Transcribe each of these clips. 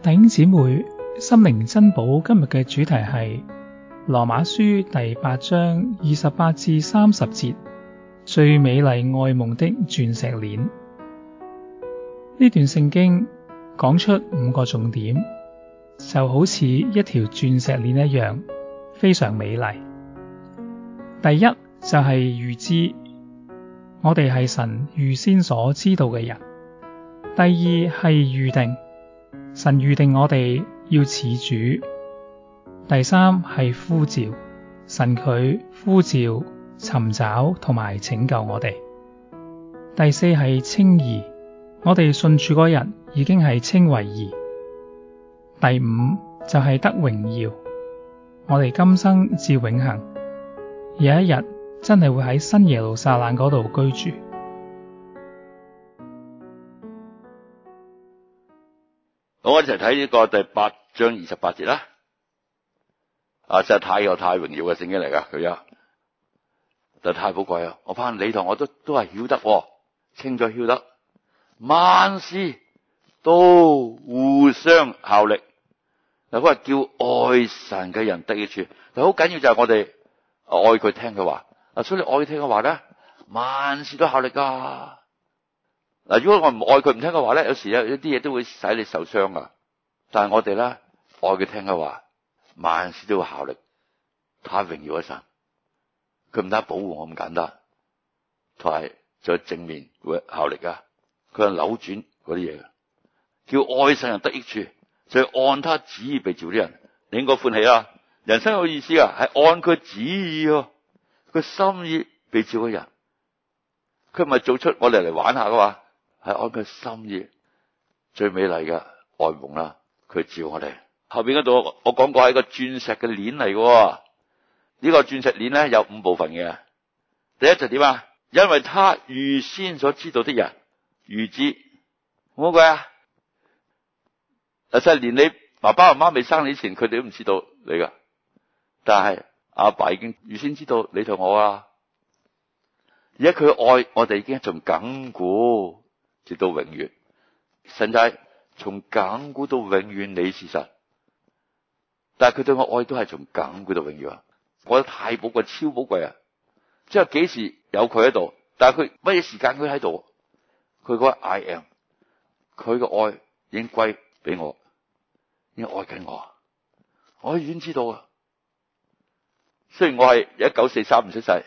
弟兄姐妹心靈珍寶今日嘅主題係羅馬書第八章二十八至三十節，最美麗愛夢的鑽石鏈。呢段聖經講出五個重點，就好似一條鑽石鏈一樣非常美麗。第一就係預知，我哋係神預先所知道嘅人。第二係預定。神預定我哋要似主。第三係呼召，神佢呼召、尋找同埋拯救我哋。第四係稱義，我哋信主嗰人已經係稱為義。第五就係得榮耀，我哋今生至永恆，有一日真係會喺新耶路撒冷嗰度居住。我一齊睇呢個第八章二十八節啦。啊，真係太有太榮耀嘅聖經嚟噶，佢啊，真太寶貴啊！我怕你同我都都係曉得，清咗曉得，萬事都互相效力。嗱，佢話叫愛神嘅人得益處，但好緊要就係我哋愛佢聽佢話。所以你愛聽佢話咧，萬事都效力噶。嗱，如果我唔愛佢唔聽嘅話咧，有時有一啲嘢都會使你受傷噶。但係我哋咧愛佢聽嘅話，萬事都會效力，他榮耀一生，佢唔單保護我咁簡單，同埋在正面會效力噶。佢係扭轉嗰啲嘢，叫愛神人得益處，就是，按他旨意被召啲人，你應該歡喜啦。人生有意思噶，係按佢旨意，佢心意被召嘅人，佢咪做出我哋嚟玩下噶嘛？係按佢心意最美麗嘅愛夢啦。佢召我哋後邊嗰度，我講過係個鑽石嘅鏈嚟喎。呢、這個鑽石鏈咧，有五部分嘅。第一就點啊？因為他預先所知道的人預知，好鬼啊，其實連你爸爸、媽媽未生你前，佢哋都唔知道你噶。但係阿爸，爸已經預先知道你同我啊。而家佢愛我哋已經仲從緊固直到永遠，甚至係從簡古到永遠，你是神，但係佢對我愛都係從簡古到永遠啊！我太寶貴，超寶貴啊！即係幾時有佢喺度，但係佢乜嘢時間佢喺度，佢嗰個 I AM，佢嘅愛已經歸俾我，已經愛緊我，我已經知道啊！雖然我係一九四三唔出世，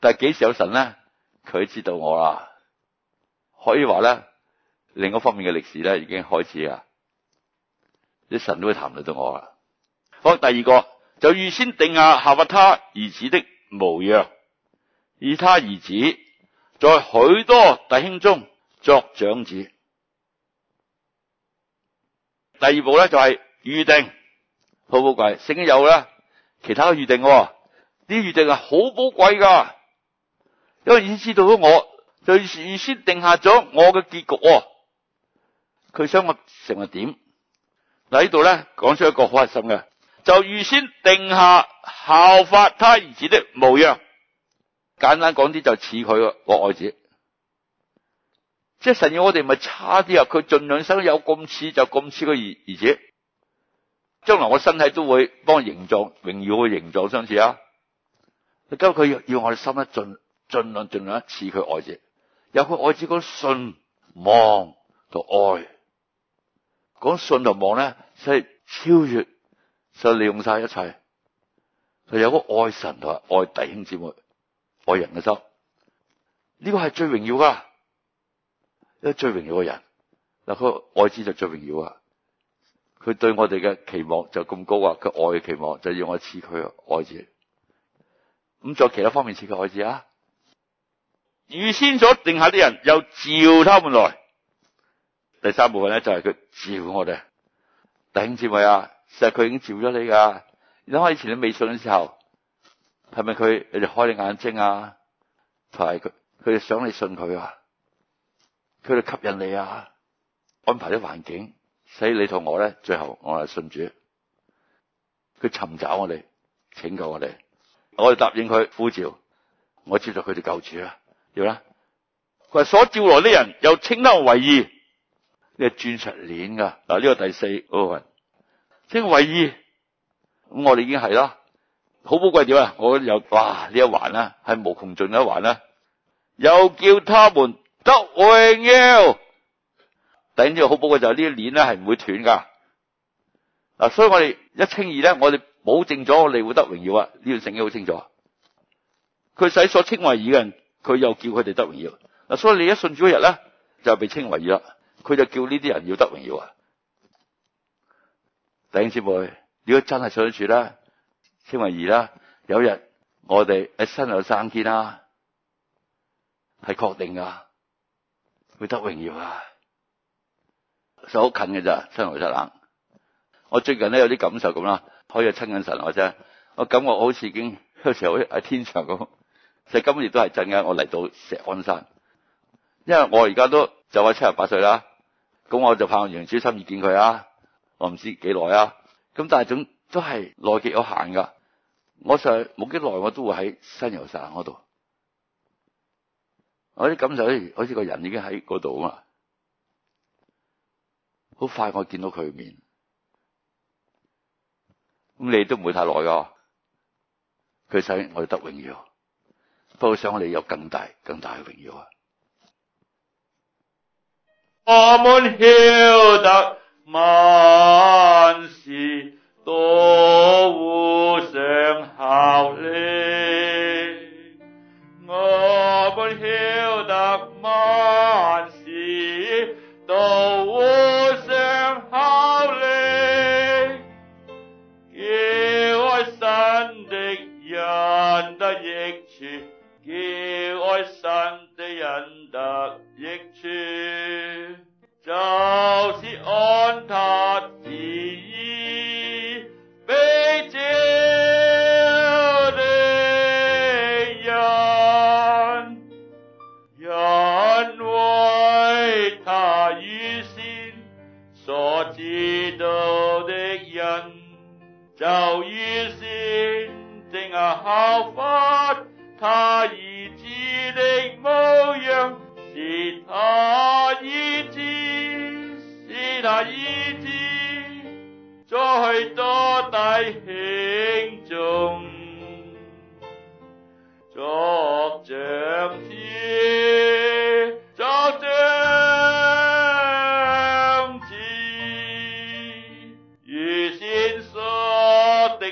但係幾時有神咧？佢知道我啦。可以話咧，另一方面嘅歷史咧已經開始噶，啲神都會談論到我啦。好，第二個就預先定下效法他兒子的模樣，使他兒子在許多弟兄中作長子。第二步咧就係、是、預定，好寶貴。聖經有咧，其他嘅預定，啲預定係好寶貴噶，因為已經知道咗我。就預先定下咗我嘅結局，哦，佢想我成日點？嗱，呢度咧講出一個好核心嘅，就預先定下效法他兒子的模樣。簡單講啲就似佢啊，我愛子，即係神要我哋唔係差啲啊！佢盡量生有咁似就咁似個兒兒子，將來我身體都會幫我形狀榮耀嘅形狀相似啊！家佢要，要我哋心一盡盡量盡量一似佢愛子。有佢愛子講信望同愛，講、嗰個、信同望咧，係超越，就利用晒一切，佢有個愛神同愛弟兄姊妹，愛人嘅心，呢個係最榮耀噶，因為最榮耀嘅人，嗱佢愛子就最榮耀啊，佢對我哋嘅期望就咁高啊，佢愛嘅期望就要我似佢嘅愛子，咁在其他方面似佢愛子啊。預先所定下啲人又召他們來，第三部分咧就係佢召我哋。弟兄姊妹啊，其實佢已經召咗你噶。諗下以前你未信嘅時候，係咪佢你哋開你眼睛啊？同埋佢佢哋想你信佢啊，佢哋吸引你啊，安排啲環境，使你同我咧最後我係信主，佢尋找我哋拯救我哋，我哋答應佢呼召，我接受佢哋救主啊。要啦，佢話所召來啲人又稱得為義，呢個鑽石鏈噶。嗱，呢個第四部分稱為義，咁我哋已經係啦，好寶貴點啊？我又哇呢一環啦，係無窮盡嘅一環啦，又叫他們得榮耀。第二樣好寶貴就係呢啲鏈咧係唔會斷噶嗱，所以我哋一稱義咧，我哋保證咗我哋會得榮耀啊！呢段聖經好清楚，佢使所稱為義嘅人，佢又叫佢哋得榮耀，嗱，所以你一信主嗰日咧，就被稱為義，佢就叫呢啲人要得榮耀啊！弟兄姊妹，如果真係信得住咧，稱為義啦，有一日我哋喺新又生堅啦，係確定噶，會得榮耀啊！就好近嘅咋，新寒心冷。我最近咧有啲感受咁啦，可以親緊神我啫。我感覺好似已經有時候喺天上咁。其實今日亦都係真嘅。我嚟到石安山，因為我而家都就位七十八歲啦。咁我就怕袁主席親自見佢啊！我唔知幾耐啊。咁但係總都係耐極有限噶。我上去冇幾耐，我都會喺新油山嗰度。我啲感受好似個人已經喺嗰度啊嘛。好快我見到佢面，咁你都唔會太耐噶。佢使我哋得榮耀。不過想我哋有更大，更大榮耀啊。就預先定下，效法他兒子的模樣，是他兒子，是他兒子，在許多弟兄中。